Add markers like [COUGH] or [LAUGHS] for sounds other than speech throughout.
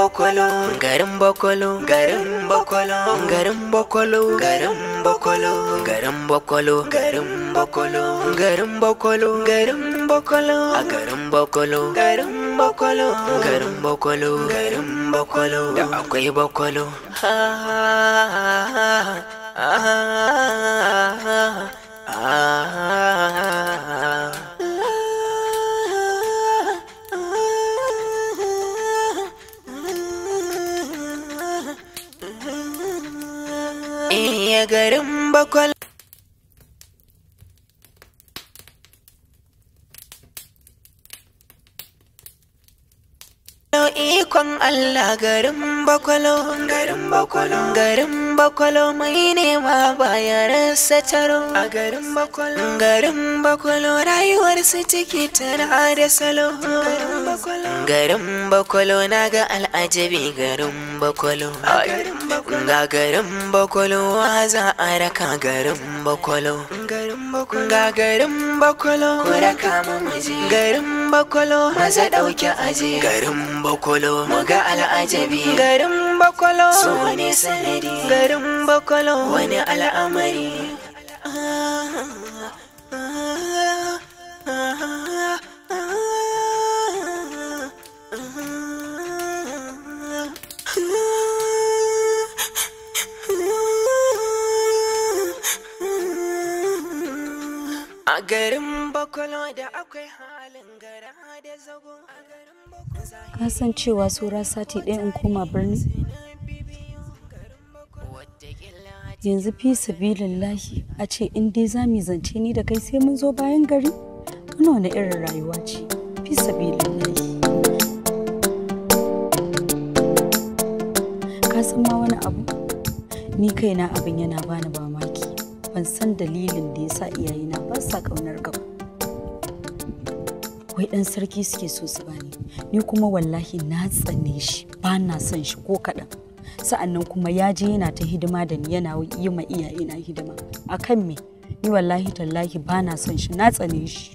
bokolo garin bokolo garin bokolo garin bokolo garin bokolo garin bokolo garin bokolo garin bokolo garin a garin bokolo garin bokolo garin bakwalo garin bakwalo da akwai bakwalo ha ha ha ha ha ha garin bakwal ikon Allah garin bakwalo garin bakwalo garin bakwalo mai nema baya rasa taro a garin bakwalo garin bakwalo rayuwar su ciki tana da salo garin bakwalo garin bakwalo na ga al'ajabi garin bakwalo ga garin bakwalo za a raka garin bakwalo ga garin bakwalo ku raka mu maji garin bakwalo maza dauke aje garin bakwalo mu ga al'ajabi garin bakwalo su wani sanadi garin bakwalo wani al'amari Ah, ah, ah, ah. ah, ah, ah garin bakwalo da akwai halin gara zago a ka san cewa sura sati ɗaya in koma birni yanzu fi lallahi, a ce in dai za mu zance ni da kai sai mun zo bayan gari kana wani irin rayuwa ce fi lallahi. ka san ma wani abu ni kaina abin yana bani ba ban san dalilin da yasa iyayena ba sa ƙaunar gabo wai ɗan sarki suke so su bani ni kuma wallahi na tsane shi ba na son shi ko kaɗan sa'annan kuma ya je yana ta hidima da ni yana yi ma iyayena hidima A kan me ni wallahi tallahi ba na son shi na tsane shi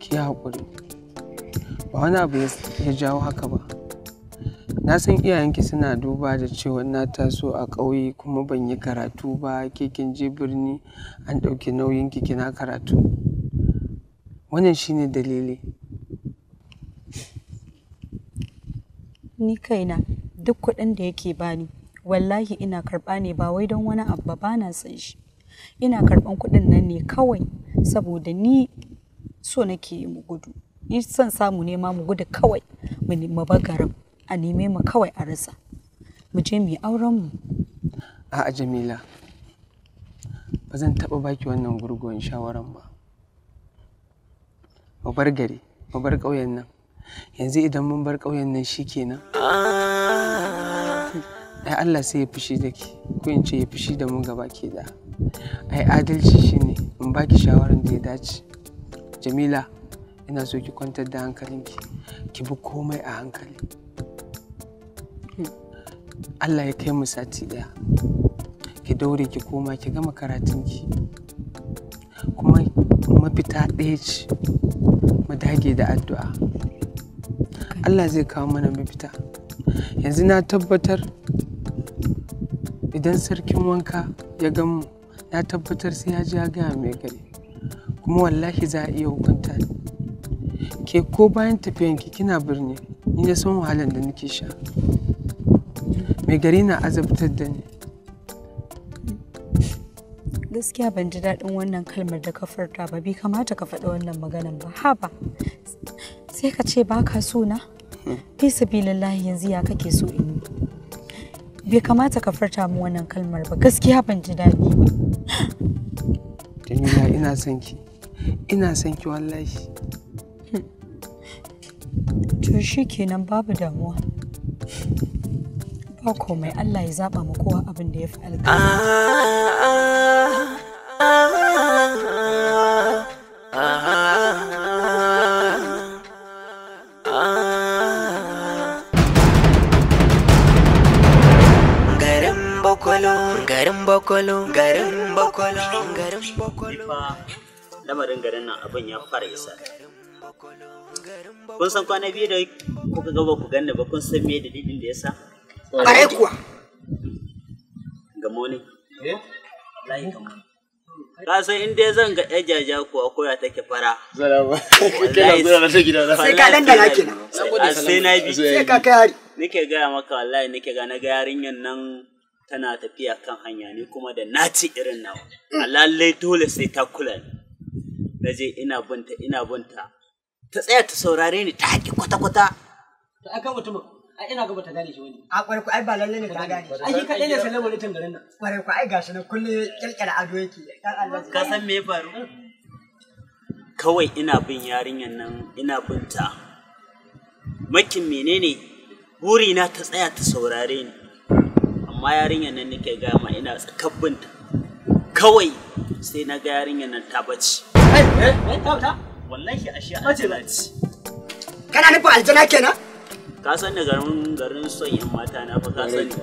ki haƙuri ba wani abu ya jawo haka ba Na san iyayenki suna duba da cewa na taso a ƙauye kuma ban yi karatu ba, ke je birni an ɗauki nauyinki kina karatu. Wannan shine dalili. Ni kaina duk kuɗin da yake bani wallahi ina karɓa ne ba wai don wani abu ba, na san shi. Ina karɓan kuɗin nan ne kawai saboda ni so nake yi mu gudu. Ni son samu ne ma mu gudu kawai mu bar garin. a neme mu kawai a rasa mu je mu yi auren mu 'a jamila ba zan taɓa baki wannan gurguwan shawaran ba Ba bar gari ba bar ƙauyen nan yanzu idan mun bar ƙauyen nan shikenan ai Allah sai ya fushi da ki ko in ce ya fushi da mu gaba ke da ai adalci shine in baki shawaran da ya dace jamila ina so ki kwantar da hankalinki ki bi komai a hankali Allah ya kai mu sati ɗaya ki daure ki koma ki gama karatun ki kuma mafita ɗaya ce mu dage da addu'a Allah zai kawo mana mafita yanzu na tabbatar idan sarkin wanka ya gan mu na tabbatar sai ya ji ya gaya mai gari kuma wallahi za a iya hukunta ke ko bayan tafiyanki kina birni ni na san wahalar da nake sha mai gari na azabtar da ni gaskiya ban ji daɗin wannan kalmar da ka furta ba bai kamata ka faɗi wannan maganan ba haba sai ka ce ba ka so na fi sabilillahi yanzu ya kake so in yi bai kamata ka furta mu wannan kalmar ba gaskiya ban ji daɗi ba jamila ina son ki ina son ki wallahi to shi kenan babu damuwa ba komai Allah ya zaba mu kowa abin da ya fi Garin bakwalo garin bakwalo garin bakwalo garin bakwalo lamarin garin nan abin ya fara isa kun san kwana biyu da kuka gaba ku ganna ba kun san me dalilin da ya sa? Ƙwarai kuwa. Gamo eh? Layi gamo. Ka san in dai zan ga jaja kuwa ko ya take fara. Zara ba. Kike na ta gida na. Sai ka dangana kenan. Sai na bi. Sai ka kai hari. Nake gaya maka wallahi nake ga na ga yarinyar nan tana tafiya kan hanya ni kuma da naci irin nawa. a Lallai dole sai ta kula ni. Na je ina binta ina binta. Ta tsaya ta saurare ni ta haƙi kwata-kwata. Ta aka mutumin. a ina ga bata gane shi wani a kwarai ai ba lalle ne ta gane shi kaɗai ne sallama ne tangarin nan kwarai ai shi nan kullun kirkira ado yake dan Allah ka san me faru kawai ina bin yarinyan nan ina bin ta makin menene burina ta tsaya ta saurare ni amma yarinyan nan nake ga ma ina tsakabbin ta kawai sai na ga yarinyan nan ta bace eh eh ta ta wallahi ashe ta ce kana nufin aljana kenan ka san da garin garin son yan mata na fa ka sani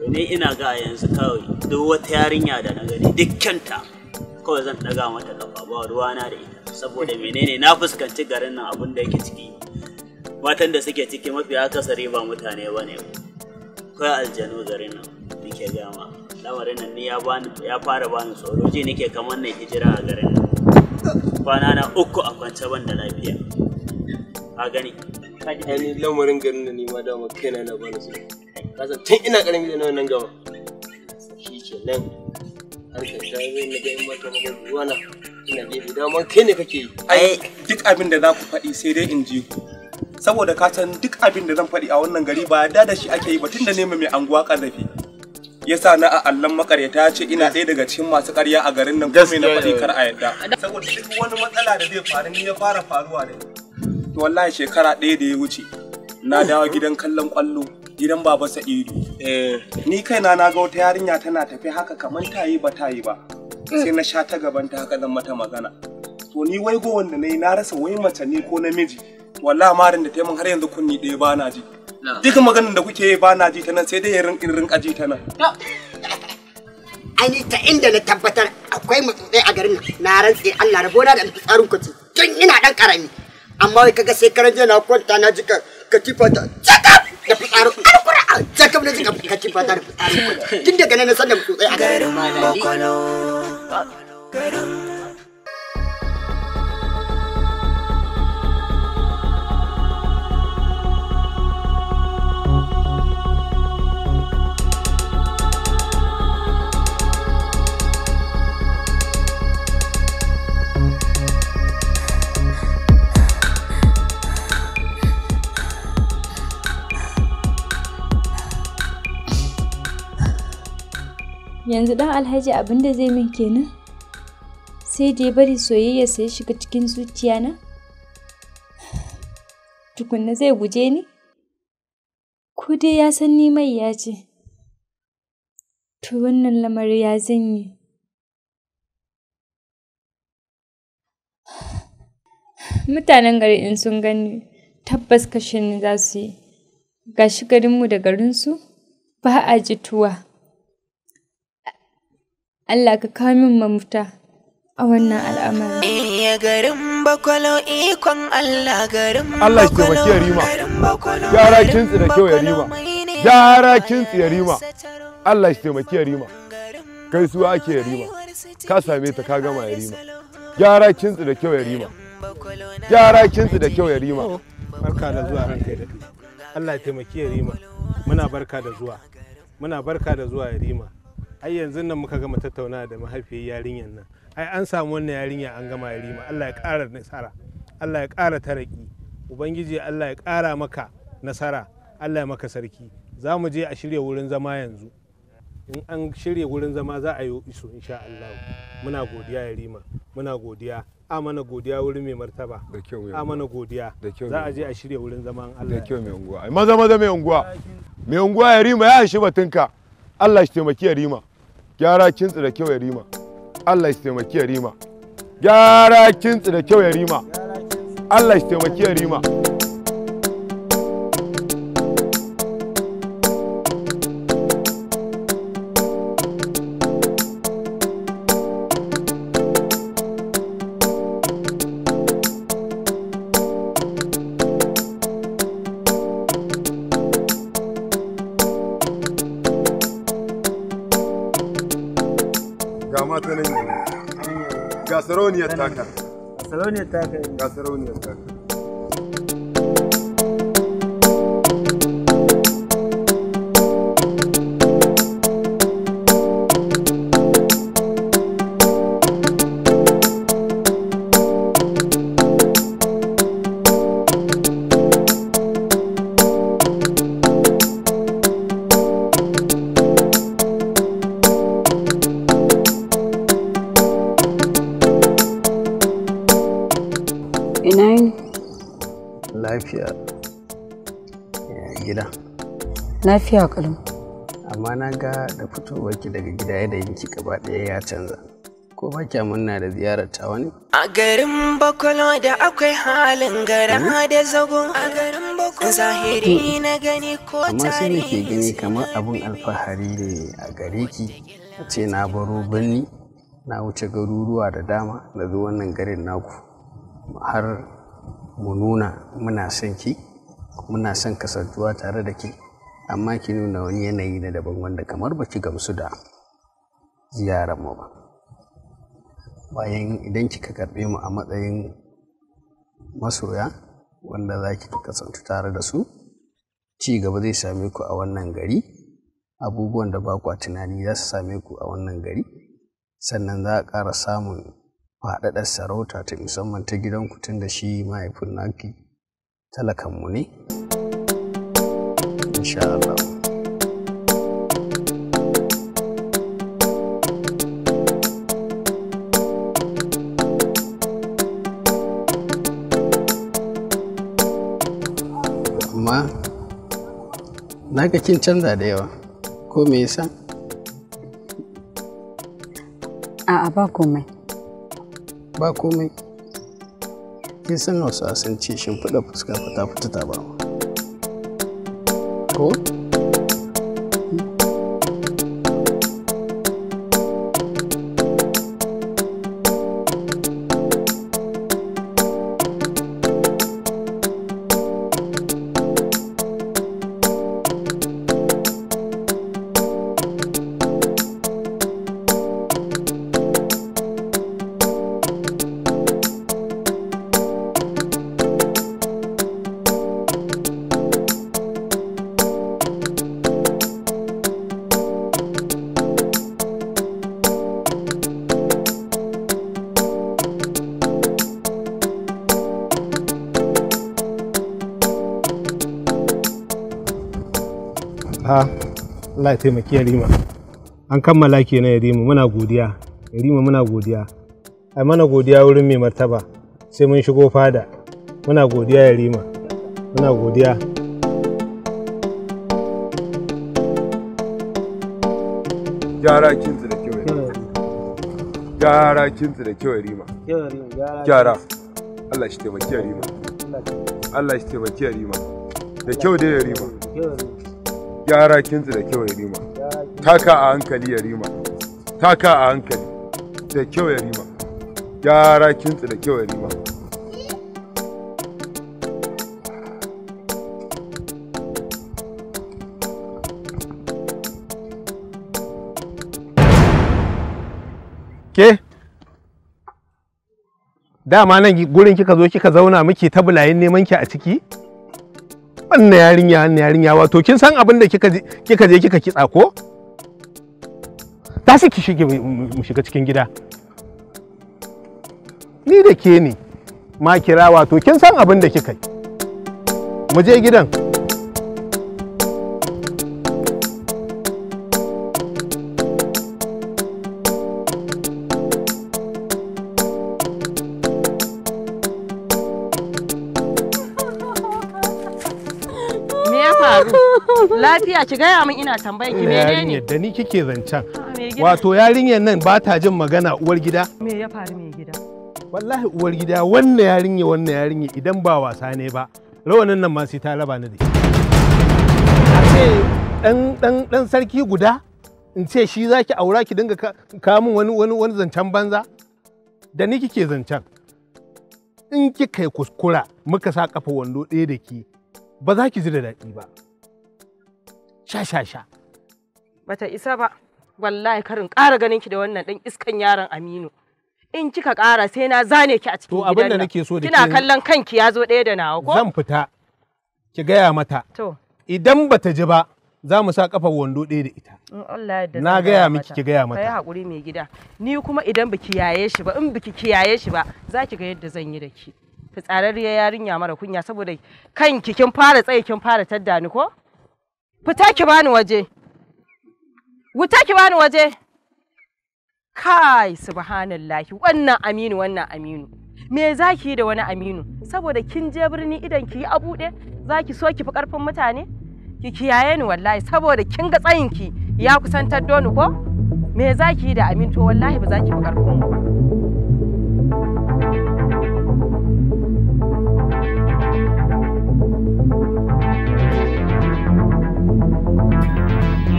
to ne ina ga yanzu kawai duk wata yarinya da na gani dukkanta kawai zan daga mata kafa ba na da ita saboda menene na fuskanci garin nan abin da yake ciki matan da suke ciki mafi akasari ba mutane ba ne kawai aljanu garin nan nake gama lamarin nan ne ya fara bani tsoro je nake kamar na hijira a garin nan kwana na uku a kwance ban da lafiya a gani Ani lamarin garin da nema dama kaina na bani su. Kasa tun ina karami da nan gaba. Shi ke nan. Har ka sha zai na ga in ba ta maka na. Ina gefe dama kai ne kake yi. duk abin da za ku faɗi sai dai in ji Saboda ka san duk abin da zan faɗi a wannan gari ba da da shi ake yi ba tun da nema mai anguwa ƙazafi. ya sa na a allon makaryata ce ina ɗaya daga cikin masu karya a garin nan kuma na faɗi kar a yadda saboda duk wani matsala da zai faru ni ya fara faruwa da ni to wallahi shekara ɗaya da ya wuce na oh. dawo gidan kallon kwallo gidan baba sa'idu eh. ni kaina na ga wata yarinya tana tafi haka kamar ta yi ba ta yi ba mm. sai na sha ta gaban ta haka zan mata magana to ni wai go wanda nayi na rasa wai mace ne ko namiji wallahi marin da ta har yanzu kunni ɗaya ba na ji duk maganin da kuke yi ba na ji ta nan sai dai ya rinka ji ta nan ainihin ta inda na tabbatar akwai mutsutsai a garin na rantse Allah rabona da tsarin kwace tun ina dan karami amma kaga sai karan na kwanta na ji katifa ta jakab da fitsarin alkur'an tsakam na ji katifa ta da fitsarin tun daga nan na san da mutu tsaye a garin yanzu dan alhaji abin da zai min kenan sai da ya bari soyayya sai shiga cikin zuciya na [SIGHS] tukunna zai guje ni ko dai ya san ni mai ya ce to wannan lamari ya zan yi [SIGHS] mutanen gari in sun gani tabbas kashin za su yi gashi garinmu da garinsu ba a jituwa Allah ka kawo min mafita a wannan al'amari. Iya garin bakwalo ikon Allah garin Allah ke baki rima. Gyara kintsi da kyau ya rima. Gyara kintsi ya rima. Allah ke taimaki ya rima. Kai su ake ya rima. Ka same ta ka gama ya rima. Gyara kintsi da kyau ya rima. Gyara kintsi da kyau ya rima. Oh, barka da zuwa ranka da Allah ya taimaki ya rima. Muna barka da zuwa. Muna barka da zuwa ya rima. ai yanzu nan muka gama tattauna da mahaifiyar yarinyar nan ai an samu wannan yarinya an gama yarima Allah ya ƙara nasara Allah ya ƙara taraki ubangiji Allah ya ƙara maka nasara Allah ya maka sarki za mu je a shirya wurin zama yanzu in an shirya wurin zama za a yi iso insha Allah muna godiya yarima muna godiya amana godiya wurin mai martaba a mana amana godiya za a je a shirya wurin zama, Allah da kyau mai unguwa maza maza mai unguwa mai unguwa yarima ya shi batunka Allah shi taimaki yarima gyara kintsi da kyau ya rima Allah ya taimaki ya rima gyara kintsi da kyau ya rima Allah ya taimaki ya rima sarauniyar taka sarauniyar taka ga sarauniyar taka lafiya kalum amma na ga da fitowar ki daga gida yanayinki gaba ɗaya ya canza ko ba kya murna da ziyarar ta wani a garin bakwalo da akwai halin gara da a garin bakwalo zahiri hmm. na gani ko tarihi amma sai ne ke gani kamar abun alfahari ne a gare ki a ce na baro birni na wuce garuruwa da dama da zuwa wannan garin naku har mu nuna muna son ki muna son kasantuwa tare da ke amma ki nuna wani yanayi na daban wanda kamar ba ki gamsu da ziyararmu ba bayan idan kika karɓe mu a matsayin masoya wanda za ki kasance tare da su ci gaba zai same ku a wannan gari abubuwan da ba kwa tunani za su same ku a wannan gari sannan za a ƙara samun faɗaɗar sarauta ta musamman ta gidan tun da shi mahaifin naki talakanmu ne. insha Allah amma na kin canza da yawa ko me yasa a'a ba komai ba komai kin san wasu asance shimfiɗa fuska fita fita ta ba mu Oh. Allah ya taimaki Yarima an kammala kenan Yarima muna godiya Yarima muna godiya ai mana godiya wurin mai martaba sai mun shigo fada muna godiya Yarima muna godiya gyara kinsu da kyau gyara kinsu da kyau Yarima gyara Allah shi taimaki Yarima Allah shi taimaki Yarima da kyau dai Yarima gyara kintsi da kyau ya rima taka a hankali ya rima taka a hankali da kyau ya rima gyara kintsi da kyau ya rima ke dama nan gurin kika zo kika zauna muke ta bulayin neman ki a ciki na yarinya na yarinya wato kin san abin da kika je kika je kika kitsa ko ta ki mu shiga cikin gida ni da ke ne ma kira wato kin san abin da kika yi mu je gidan Lafiya ki gaya min ina tambayar ki menene? Da ni kike zancen. Ah, Wato yarinyar nan ba ta jin magana uwar gida? Me ya faru me gida? Wallahi uwar gida wannan yarinya wannan yarinya idan ba wasa ne ba. Rawanin nan ma sai ta raba ni da shi. A ce dan sarki guda in ce shi zaki aura ki dinga kamun wani wani wani zancen banza? Da ni kike zancen. in kika yi kuskura muka sa kafa wando ɗaya da ki ba za ki ji da daɗi ba. sha sha sha Ba ta isa ba wallahi karin ƙara ganin ki da wannan ɗan iskan yaron Aminu in kika ƙara sai na zane ki a cikin gidan to abin da nake so da kina kallon kanki ya zo ɗaya da nawa ko zan fita ki gaya mata to idan ba ta ji ba za mu sa kafar wando ɗaya da ita. Na gaya miki ki gaya mata. Kai hakuri mai gida. Ni kuma idan biki yaye shi ba in biki kiyaye shi ba za ki ga yadda zan yi da ki. Fitsararriyar yarinya mara kunya saboda kanki kin fara tsaye kin fara tadda ni ko? Fita ki bani waje. Wuta ki bani waje. Kai subhanallahi wannan Aminu wannan Aminu. Me za yi da wani Aminu? Saboda kin je birni idan ki yi a buɗe zaki so ki fi karfin mutane? Ki kiyaye ni wallahi saboda kin ga tsayin ki ya kusantar doni ko? Me za yi da Aminu to wallahi ba za fi karfin mu ba.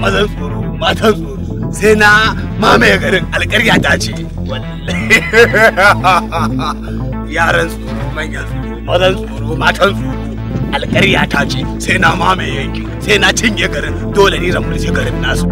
mazan tsoro matan tsoro sai na mamaye garin alƙarya ta ce [LAUGHS] yaran tsoro manyan tsoro mazan tsoro matan tsoro alƙarya ta ce sai na mamaye yankin sai na cinye garin dole ni zan mulki garin nasu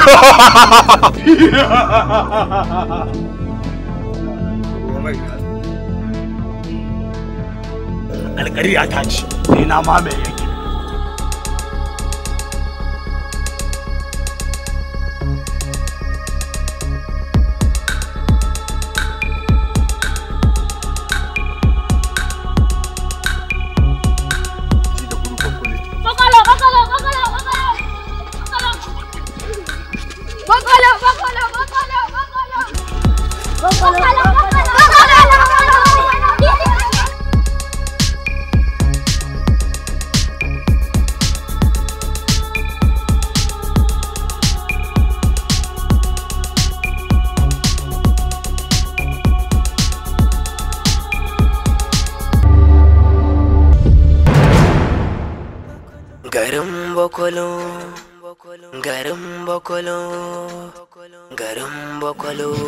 Alkari ya tashi, ni na mamaye yake.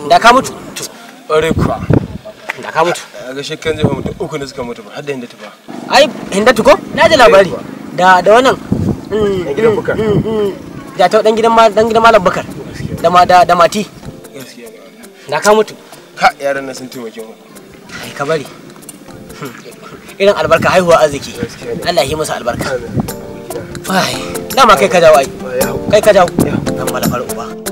da ka mutu ƙwarai da ka mutu a ga shekkan zai mutu uku ne suka mutu ba har da hindatu ba ai hindatu ko na ji labari da da wannan mm, mm, mm, da ta dan gidan dan gidan malam da ma da da mati da ka mutu ka yaran nan sun taimake mu ai ka bari irin albarka haihuwa arziki Allah yi albarka ai dama kai ka jawo ai kai ka jawo dan malafar uba